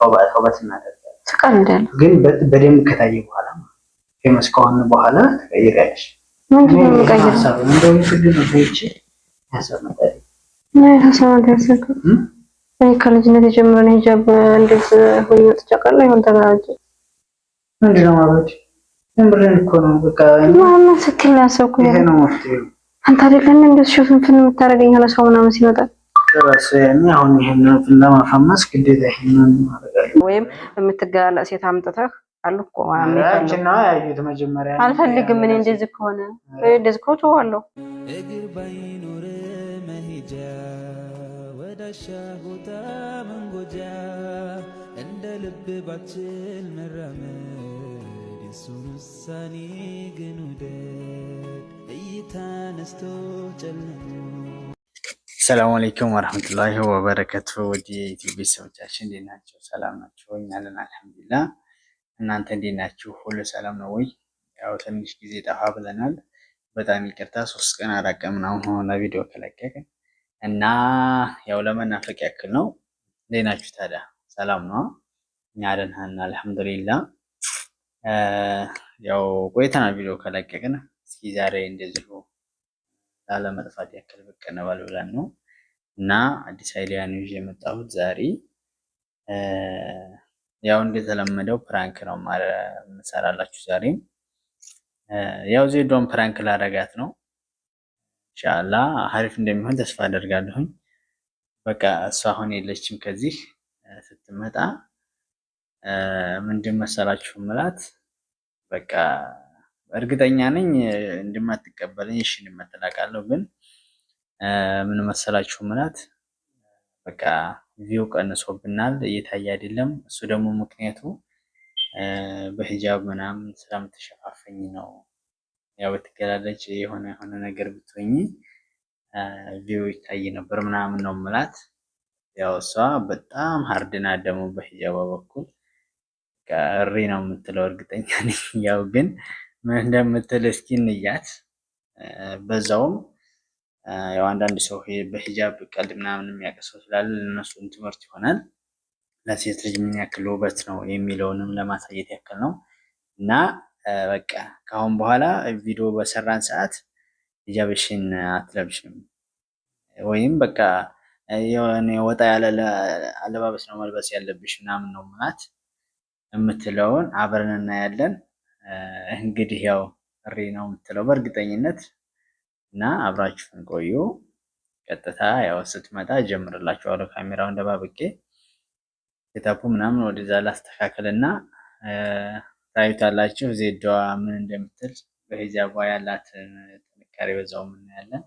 ተውበት እናደርጋለን። ትቀልዳለህ ግን በደንብ ከታየ በኋላ ፌመስ ከሆነ በኋላ ትቀይሪያለሽ። ከልጅነት የጀመረ ነው ሂጃብ እንዴት ሆይ ወጥቼ አውቃለሁ። ምንድን ነው ማለት ምንብረን እኮ ነው በቃ ማማ ያሰብኩ ይሄ ነው ማለት አንተ አይደለም የምታደርገኝ የሆነ ሰው ምናምን ሲመጣ ራስህን አሁን ይሄንን ለማፈመስ ግዴታ ይሄንን ወይም የምትገላለጥ ሴት አምጥተህ አሉ እኮ ማለትና ያዩት መጀመሪያ አልፈልግም። እኔ እንደዚህ ከሆነ እንደዚህ ከሆነ ተዋለሁ። እግር ባይኖር መሄጃ ወዳሻ ቦታ መንጎጃ እንደ ልብ ባችል መራመድ የሱን ውሳኔ ግን ውደድ እይታ ነስቶ ጨለሞ ሰላም አለይኩም ወረህመቱላሂ ወበረከቱ። ወደ ዩቲዩብ ቤተሰቦቻችን እንዴት ናቸው? ሰላም ናቸው? እኛለን አልሐምዱላ። እናንተ እንዴት ናችሁ? ሁሉ ሰላም ነው ወይ? ያው ትንሽ ጊዜ ጠፋ ብለናል። በጣም ይቅርታ። ሶስት ቀን አራት ቀን ሆነ ቪዲዮ ከለቀቀ እና ያው ለመናፈቅ ያክል ነው። እንዴት ናችሁ ታዲያ? ሰላም ነው? እኛ ደህና አልሐምዱሊላ። ያው ቆይተናል ቪዲዮ ከለቀቅን። እስኪ ዛሬ እንደዚሁ ላለመጥፋት ያክል ብቅ እንበል ብለን ነው እና አዲስ አይዲያ ነው ይዤ የመጣሁት ዛሬ። ያው እንደተለመደው ፕራንክ ነው የምሰራላችሁ ዛሬም። ያው ዜዶን ፕራንክ ላረጋት ነው። ኢንሻአላ ሀሪፍ እንደሚሆን ተስፋ አደርጋለሁኝ። በቃ እሷ አሁን የለችም። ከዚህ ስትመጣ ምንድን መሰላችሁ ምላት በቃ እርግጠኛ ነኝ እንደማትቀበለኝ እሺ እንደማትላቃለሁ ግን ምን መሰላችሁ ምናት በቃ ቪው ቀንሶብናል፣ እየታየ አይደለም። እሱ ደግሞ ምክንያቱ በሂጃብ ምናምን ስለምትሸፋፈኝ ነው። ያው ብትገላለጭ የሆነ የሆነ ነገር ብትሆኝ ቪው ይታይ ነበር ምናምን ነው ምላት። ያው እሷ በጣም ሀርድና ደግሞ በሂጃባ በኩል እሪ ነው የምትለው እርግጠኛ ነኝ። ያው ግን ምን እንደምትል እስኪ እንያት በዛውም ያው አንዳንድ ሰው በሂጃብ ቀልድ ምናምን የሚያውቅ ሰው ስላለ ለነሱን ትምህርት ይሆናል። ለሴት ልጅ ምን ያክል ውበት ነው የሚለውንም ለማሳየት ያክል ነው። እና በቃ ከአሁን በኋላ ቪዲዮ በሰራን ሰዓት ሂጃብሽን አትለብሽም ወይም በቃ ወጣ ያለ አለባበስ ነው መልበስ ያለብሽ ምናምን ነው ምናት የምትለውን አብረን እናያለን። እንግዲህ ያው እሪ ነው የምትለው በእርግጠኝነት እና አብራችሁን ቆዩ። ቀጥታ ያው ስትመጣ እጀምርላችኋለሁ። ካሜራውን ደባብቄ ሴታፑ ምናምን ወደዛ ላስተካከልና ታዩታላችሁ። ዜዳዋ ምን እንደምትል በሂጃቧ ያላትን ጥንካሬ በዛው እናያለን።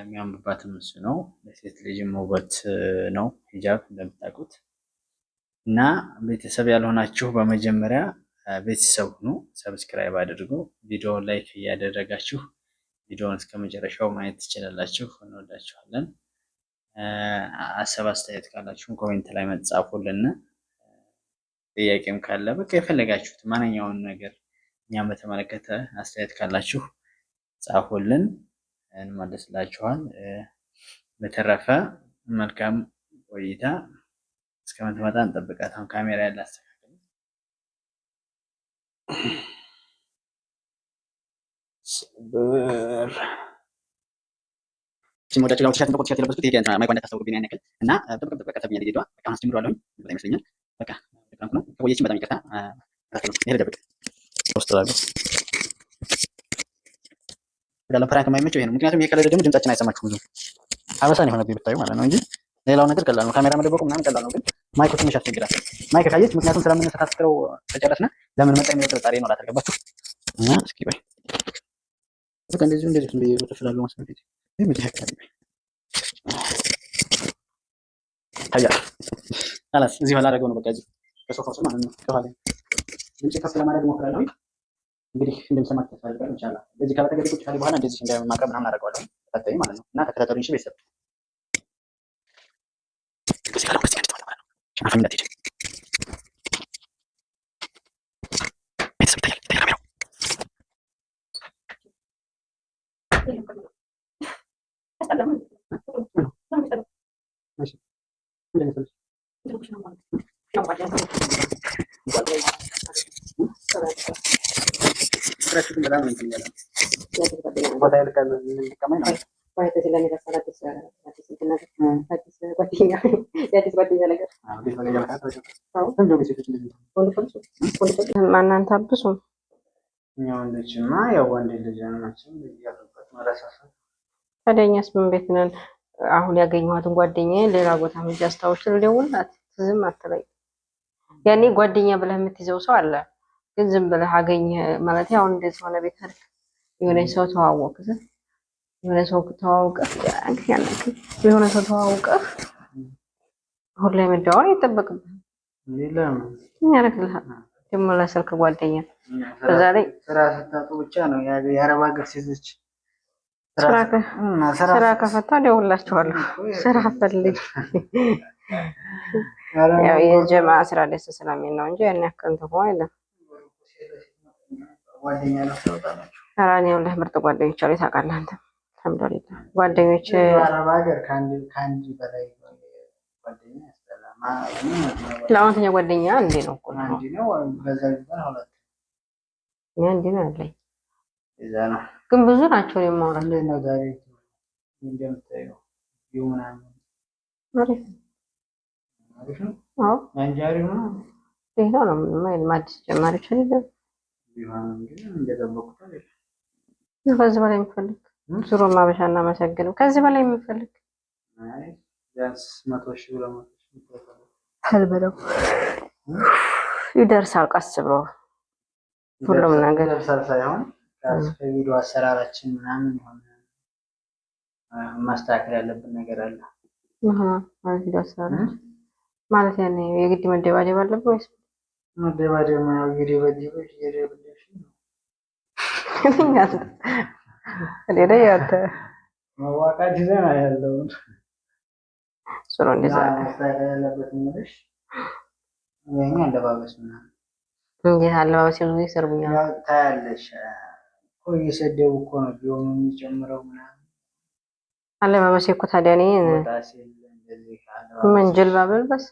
የሚያምርባትም እሱ ነው። ለሴት ልጅም ውበት ነው ሂጃብ እንደምታውቁት። እና ቤተሰብ ያልሆናችሁ በመጀመሪያ ቤተሰብ ሁኑ፣ ሰብስክራይብ አድርጉ፣ ቪዲዮ ላይክ እያደረጋችሁ ቪዲዮውን እስከ መጨረሻው ማየት ትችላላችሁ። እንወዳችኋለን። አሰብ አስተያየት ካላችሁም ኮሜንት ላይ መጻፉልን። ጥያቄም ካለ በቃ የፈለጋችሁት ማንኛውን ነገር እኛም በተመለከተ አስተያየት ካላችሁ ጻፉልን፣ እንመለስላችኋል። በተረፈ መልካም ቆይታ። እስከምትመጣ እንጠብቃት። አሁን ካሜራ ያለ አስተካክል ብር ሲሞዳቸው ያው ቲሸርት ነው። ቲሸርት የለበስኩት ይሄ እንትና ማይኳን ታስተውቁብኝ ያን ያክል እና በጣም በጣም በቃ ተብኛ በቃ አሁን ጀምሯለሁ በጣም ይመስለኛል። በቃ በጣም ነው ከቆየችን በጣም ይቅርታ ይሄ ደብቅ ወስተላለሁ ያለ ፕራንክ የማይመቸው ይሄ ነው። ምክንያቱም ይሄ ከሌለ ደግሞ ድምጻችን አይሰማችሁም። ብዙ አበሳን የሆነብኝ ብታዩ ማለት ነው እንጂ ሌላው ነገር ቀላል ነው። ካሜራ መደበቁ ምናምን ቀላል ነው፣ ግን ማይኩ ትንሽ አስቸግራል። ማይክ ካየች ምክንያቱም ስለምንሰታስክረው ተጨረስና ለምን መጣ የሚለው ጥርጣሬ ነው። አልተገባችሁ እና እስኪ በይ በቃ እንደዚሁ እንደዚህ እንደየሮጠ ስላለ ማስመለጥ ይህ ምድር አካባቢ ታያል። አላስ እዚህ ኋላ አደረገው ነው በቃ እዚህ ከሶፋው ስም ነው። ከኋላ ድምጽ ከፍ ለማድረግ እሞክራለሁ። እንግዲህ እንደምሰማት ተስፋ አደርጋለሁ። እዚህ ካላተገደ ቁጭ ካለ በኋላ እንደዚህ እንደማቅረብ ምናምን አደርገዋለሁ ታታይ ማለት ነው። እና ተከታተሉ እንጂ ቤተሰብ ከዚህ ከዚህ ጋር ማለት ነው። አፈኝ እንዳትሄድ ሁለታችሁም በጣም ማናንተ እኛ ያው ወንድ ልጅ ናችን ያሉበት መረሳሳት ታዲያ እኛስ ምን ቤት ነን? አሁን ያገኘኋትን ጓደኛ ሌላ ቦታ ሄጄ አስታውሽ ልደውልላት ትዝም አትለኝ። ያኔ ጓደኛ ብለህ የምትይዘው ሰው አለ ግን ዝም ብለህ አገኘህ ማለት አሁን እንደዚህ ሆነ ቤት የሆነ ሰው ተዋወቅህ የሆነ ሰው ተዋውቀህ የሆነ ሰው ተዋውቀህ ሁሌ መደዋወል አይጠበቅብህም። ያረክልሃል ደግሞ ስልክ ጓደኛ በዛ ላይ ስራ ስታጡ ብቻ ነው የአረብ ሀገር ሴቶች ስራ ከፈታ ደውላችኋለሁ። ስራ ፈልግ የጀማ ስራ ደስ ስለሚል ነው እንጂ ያን ያክል ትሆ አይለም። ኧረ እኔ ይኸውልህ ምርጥ ጓደኞች አሉኝ ታውቃለህ። አንተ አልሐምዱሊላህ ጓደኞች ለአሁንተኛ ጓደኛ እንዴ ነው እኔ አንድ ነው ያለኝ፣ ግን ብዙ ናቸው የማውራት ነው። ምንም አዲስ ጀማሪዎች አይደለም ከዚህ በላይ የሚፈልግ ዙሮ ማበሻ እናመሰግንም። ከዚህ በላይ የሚፈልግ አልበለው ይደርሳል። ቀስ ብሎ ሁሉም ነገር ይደርሳል ሳይሆን ከቪዲዮ አሰራራችን ምናምን የሆነ ማስተካከል ያለብን ነገር አለ ማለት አሰራራችን የግድ መደባደብ አለብን ወይስ መደባደብ ይለኛል። ሌላ ያተ መዋቃት ይዘና ያለውን ስሮ እንደዛ አለባበስ ታያለሽ እኮ እየሰደቡ እኮ ነው ቢሆኑ የሚጨምረው ምናምን አለባበስ እኮ ታዲያ እኔ ምን ጀልባ በልበስ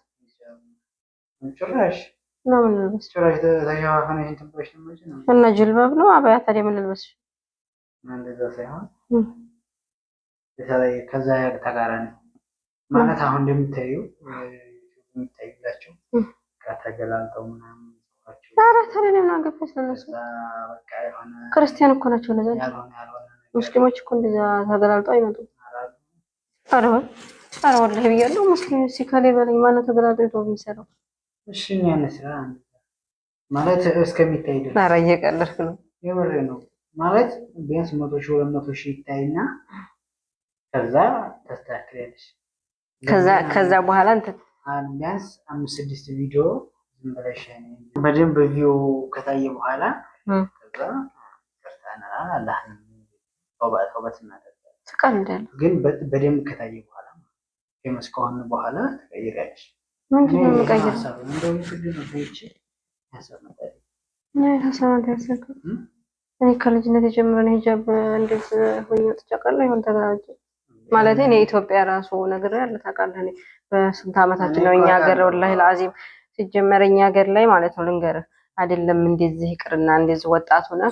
ጭራሽ እና ጅልባብ ነው አባያ ታዲያ ምን ሳይሆን ከዛ ተቃራኒ ማለት አሁን እንደምታዩ የሚታዩላቸው ከተገላልጠው ምናምን ኧረ ታዲያ እኔ ምን አገባኝ ስለነሱ። ክርስቲያን እኮ ናቸው እነዛ። ሙስሊሞች እኮ እንደዛ ተገላልጠው አይመጡም። ኧረ ወላሂ ብያለሁ። ሙስሊም ሲከሌ በለኝ ማነው ተገላልጠው የሚሰራው? እሺ የሚያነስራ ማለት እስከሚታይ ድረስ ኧረ እየቀለድክ ነው። የምር ነው ማለት ቢያንስ መቶ ሺህ ሁለት መቶ ሺህ ይታይና ከዛ ተስተካክለሽ ከዛ ከዛ በኋላ ቢያንስ አምስት ስድስት ቪዲዮ ዝም ብለሽ በደንብ ቪዲዮ ከታየ በኋላ ከዛ ቅርታና አላህን ተውበት እናደርጋለን። ግን በደንብ ከታየ በኋላ ፌመስ ከሆነ በኋላ ተቀይራለች። ምንድን ነው የምቀይረው? እኔ ከልጅነት የጀመረ ሂጃብ እንዴት ሆኜ ወጥቼ አውቃለሁ። ይሁን ተገናኘ ማለት እኔ የኢትዮጵያ ራሱ ነገር ያለ ታውቃለህ። በስንት ዓመታችን ነው እኛ ሀገር ወላሂ ለአዚም ሲጀመር እኛ ሀገር ላይ ማለት ነው ልንገርህ፣ አይደለም እንደዚህ ይቅርና እንደዚህ ወጣት ሆነ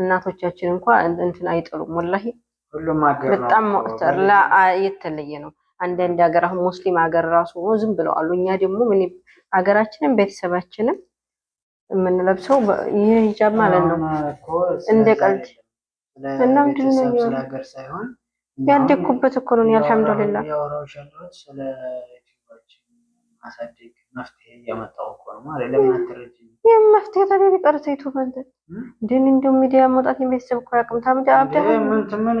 እናቶቻችን እንኳን እንትን አይጥሉም። ወላሂ በጣም የተለየ ነው። አንዳንድ ሀገር አሁን ሙስሊም ሀገር ራሱ ዝም አሉ እኛ ደግሞ ምን ሀገራችንም ቤተሰባችንም የምንለብሰው ይህ ሂጃብ ማለት ነው እንደ ቀልድ እና ምንድን ነው ያደግኩበት እኮ ነው። አልሐምዱሊላ ይህ መፍትሄ ታዲያ ቢቀርተ ዩቱበን እንደን እንደው ሚዲያ መውጣት እኮ ያቅምታ ምን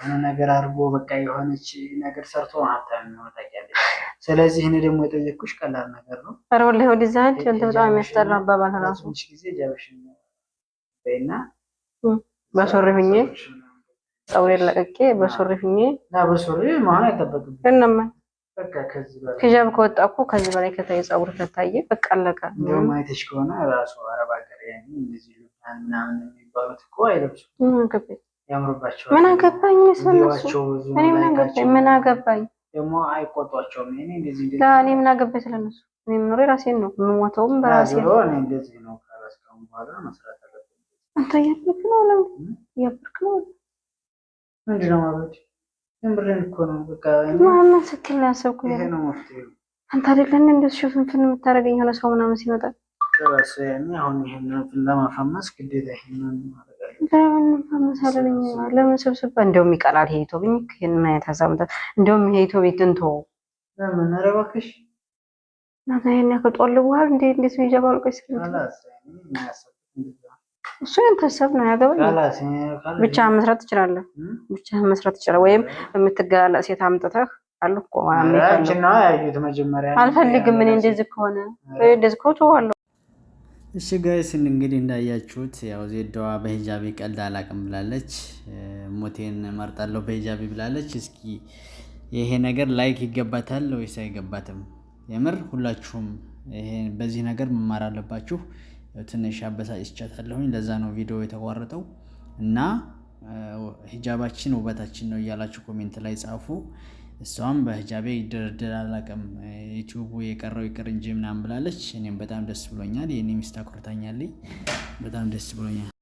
የሆነ ነገር አድርጎ በቃ የሆነች ነገር ሰርቶ ሀብታም ታውቂያለሽ። ስለዚህ እኔ ደግሞ የጠየቅኩሽ ቀላል ነገር ነው። ኧረ ወላሂ ወደዛ አንቺ እንትን በጣም አባባል ትንሽ ጊዜ ጃበሽን በይና በሱሪ ሁኜ ለቅቄ በሱሪ ሁኜ እና በሱሪ መሆን አይጠበቅም እናማ ሂጃብ ከወጣ እኮ ከዚህ በላይ ከታየ ፀጉር ከታየ በቃ አለቀ። እንደውም አይተሽ ከሆነ ራሱ አረብ ሀገር ያኔ ምናምን የሚባሉት እኮ አይለብሱም ያምሩባቸዋል። ምን አገባኝ እኔ ምን አገባኝ ምን አገባኝ ደግሞ አይቆጧቸውም። እኔ እንደዚህ እንደዚህ ምን አገባኝ ስለነሱ እኔ ነው የምሞተውም በራሴ ነው። እኔ እንደዚህ ነው ካላስቀሙ በኋላ መስራት አለብኝ። አንተ ነው ነው ምንድን ነው ማለት ምብርን እኮ ነው በቃ ስትል ነው ይሄ ነው መፍትሄ። አንተ አይደለን እንደሱ ሽፍንፍን የምታደርገኝ የሆነ ሰው ምናምን ሲመጣ አሁን ለማፈመስ ግዴታ ይሄንን ማለት ለምን ስብስብ እንደውም ይቀላል። ይሄ ብኝ ይሄንን አይነት ሀሳብ እንደውም ይሄ ቤት እንቶ ለምን ኧረ እባክሽ እናታ ይሄን ያክል ጦልዋል እንዴ? እንዴት ነው ይጀባል? ቆይ እሱ ያንተ ሀሳብ ነው ያገባኝ። ብቻ መስራት ትችላለህ፣ ብቻ መስራት ትችላለህ። ወይም የምትገላለጥ ሴት አምጥተህ አልኩ አልፈልግም። እኔ እንደዚህ ከሆነ እንደዚህ ከሆነ ተዋለሁ እሺ ጋይስ እንግዲህ እንዳያችሁት ያው ዜዳዋ በሂጃቤ ቀልድ አላቅም ብላለች። ሞቴን መርጣለሁ በሂጃቤ ብላለች። እስኪ ይሄ ነገር ላይክ ይገባታል ወይስ አይገባትም? የምር ሁላችሁም በዚህ ነገር መማር አለባችሁ። ትንሽ አበሳጭቻታለሁኝ፣ ለዛ ነው ቪዲዮ የተቋረጠው እና ሂጃባችን ውበታችን ነው እያላችሁ ኮሜንት ላይ ጻፉ። እሷም በህጃቤ ይደረደር አላውቅም ዩቲዩቡ የቀረው ይቅር እንጂ ምናምን ብላለች። እኔም በጣም ደስ ብሎኛል። የኔ ሚስት አኩርታኛለች። በጣም ደስ ብሎኛል።